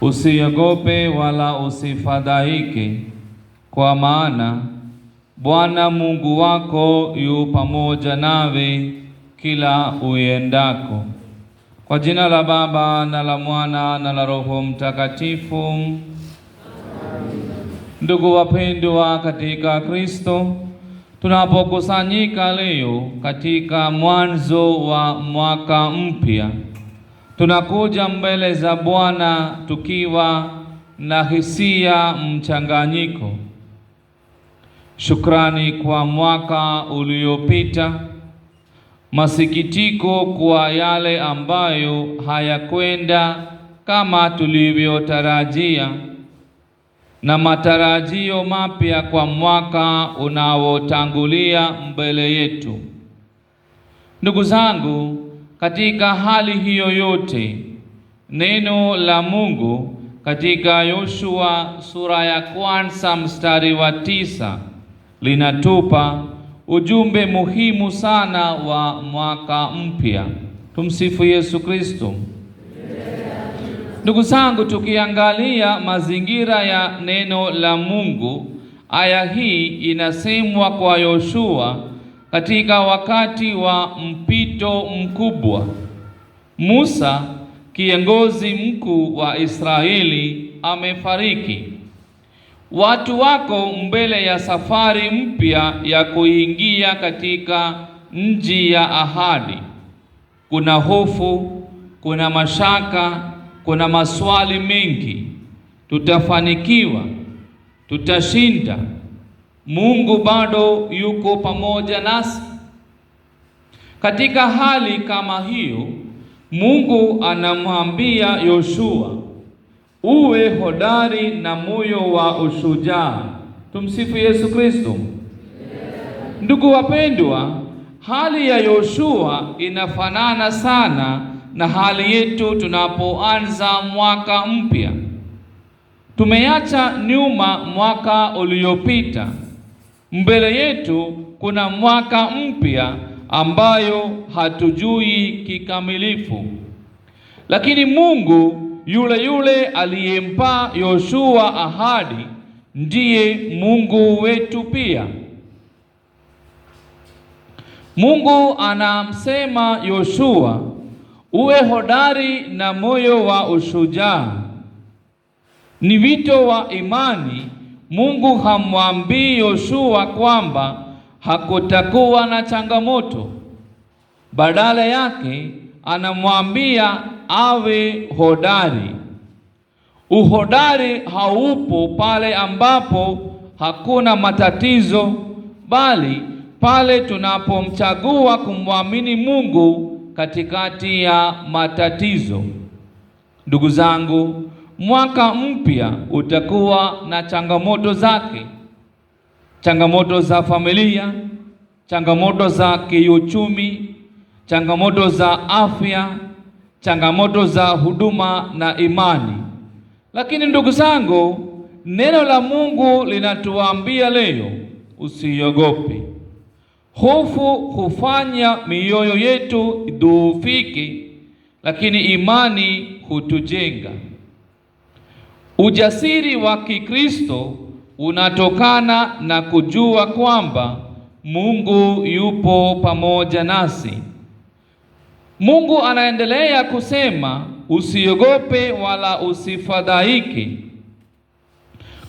Usiogope wala usifadhaike, kwa maana Bwana Mungu wako yu pamoja nawe kila uendako. Kwa jina la Baba na la Mwana na la Roho Mtakatifu. Ndugu wapendwa katika Kristo, tunapokusanyika leo katika mwanzo wa mwaka mpya Tunakuja mbele za Bwana tukiwa na hisia mchanganyiko: shukrani kwa mwaka uliopita, masikitiko kwa yale ambayo hayakwenda kama tulivyotarajia, na matarajio mapya kwa mwaka unaotangulia mbele yetu. Ndugu zangu katika hali hiyo yote, neno la Mungu katika Yoshua sura ya kwanza mstari wa tisa linatupa ujumbe muhimu sana wa mwaka mpya. Tumsifu Yesu Kristo. Ndugu zangu, tukiangalia mazingira ya neno la Mungu, aya hii inasemwa kwa Yoshua katika wakati wa mpia wito mkubwa. Musa, kiongozi mkuu wa Israeli, amefariki. Watu wako mbele ya safari mpya ya kuingia katika nchi ya ahadi. Kuna hofu, kuna mashaka, kuna maswali mengi. Tutafanikiwa? Tutashinda? Mungu bado yuko pamoja nasi? Katika hali kama hiyo, Mungu anamwambia Yoshua, uwe hodari na moyo wa ushujaa. Tumsifu Yesu Kristo. Ndugu wapendwa, hali ya Yoshua inafanana sana na hali yetu tunapoanza mwaka mpya. Tumeacha nyuma mwaka uliopita, mbele yetu kuna mwaka mpya ambayo hatujui kikamilifu, lakini Mungu yule yule aliyempa Yoshua ahadi ndiye Mungu wetu pia. Mungu anamsema Yoshua, uwe hodari na moyo wa ushujaa. Ni wito wa imani. Mungu hamwambii Yoshua kwamba hakutakuwa na changamoto. Badala yake anamwambia awe hodari. Uhodari haupo pale ambapo hakuna matatizo, bali pale tunapomchagua kumwamini Mungu katikati ya matatizo. Ndugu zangu, mwaka mpya utakuwa na changamoto zake changamoto za familia, changamoto za kiuchumi, changamoto za afya, changamoto za huduma na imani. Lakini ndugu zangu, neno la Mungu linatuambia leo, usiogope. Hofu hufanya mioyo yetu idhoofike, lakini imani hutujenga. Ujasiri wa Kikristo unatokana na kujua kwamba Mungu yupo pamoja nasi. Mungu anaendelea kusema usiogope wala usifadhaike.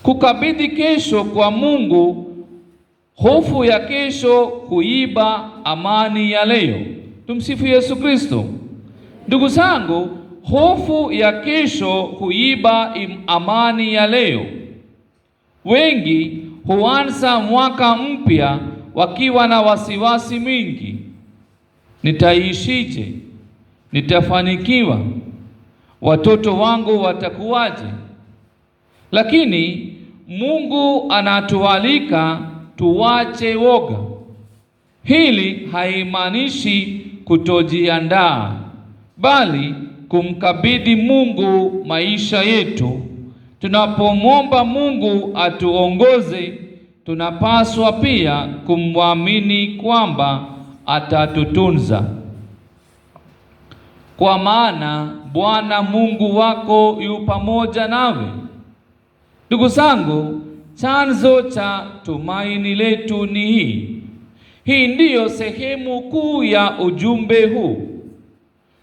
Kukabidhi kesho kwa Mungu, hofu ya kesho kuiba amani ya leo. Tumsifu Yesu Kristo. Ndugu zangu, hofu ya kesho kuiba amani ya leo. Wengi huanza mwaka mpya wakiwa na wasiwasi mwingi, nitaishije? Nitafanikiwa? Watoto wangu watakuwaje? Lakini Mungu anatualika tuwache woga. Hili haimaanishi kutojiandaa, bali kumkabidhi Mungu maisha yetu Tunapomwomba Mungu atuongoze, tunapaswa pia kumwamini kwamba atatutunza, kwa maana Bwana Mungu wako yu pamoja nawe. Ndugu zangu, chanzo cha tumaini letu ni hii. Hii ndiyo sehemu kuu ya ujumbe huu.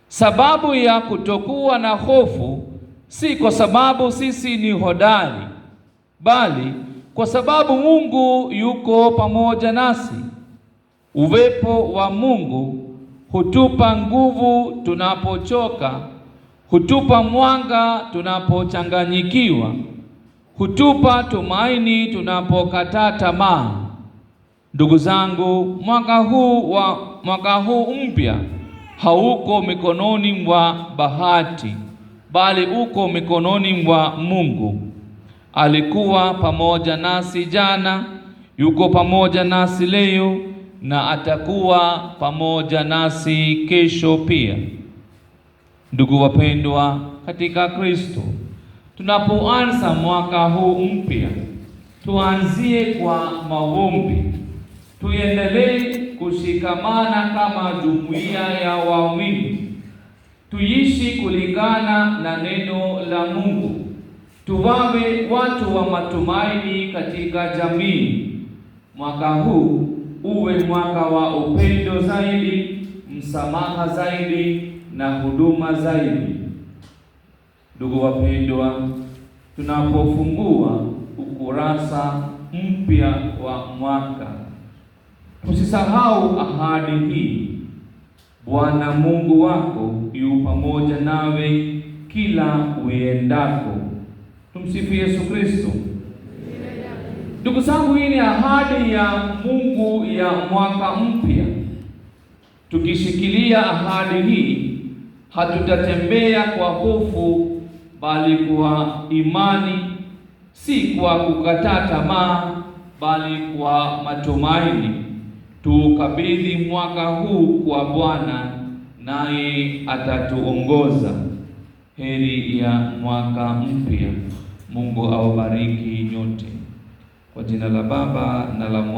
Sababu ya kutokuwa na hofu si kwa sababu sisi ni hodari, bali kwa sababu Mungu yuko pamoja nasi. Uwepo wa Mungu hutupa nguvu tunapochoka, hutupa mwanga tunapochanganyikiwa, hutupa tumaini tunapokataa tamaa. Ndugu zangu, mwaka huu wa mwaka huu mpya hauko mikononi mwa bahati bali uko mikononi mwa Mungu. Alikuwa pamoja nasi jana, yuko pamoja nasi leo na atakuwa pamoja nasi kesho pia. Ndugu wapendwa katika Kristo, tunapoanza mwaka huu mpya, tuanzie kwa maombi, tuendelee kushikamana kama jumuiya ya waumini tuishi kulingana na neno la Mungu, tuwawe watu wa matumaini katika jamii. Mwaka huu uwe mwaka wa upendo zaidi, msamaha zaidi na huduma zaidi. Ndugu wapendwa, tunapofungua ukurasa mpya wa mwaka, usisahau ahadi hii Bwana Mungu wako yu pamoja nawe kila uendako. Tumsifu Yesu Kristo. Ndugu zangu, hii ni ahadi ya Mungu ya mwaka mpya. Tukishikilia ahadi hii, hatutatembea kwa hofu, bali kwa imani, si kwa kukata tamaa, bali kwa matumaini tuukabidhi mwaka huu kwa Bwana, naye atatuongoza heri ya mwaka mpya. Mungu awabariki nyote, kwa jina la Baba na la Mwana